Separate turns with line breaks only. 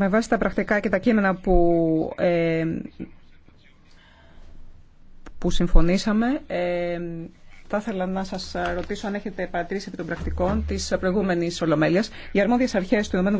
Με βάση τα πρακτικά και τα κείμενα που, ε, που συμφωνήσαμε, ε, θα ήθελα να σα ρωτήσω αν έχετε παρατηρήσει επί των πρακτικών τη προηγούμενη Ολομέλεια. Οι
αρχέ του ΗΠΑ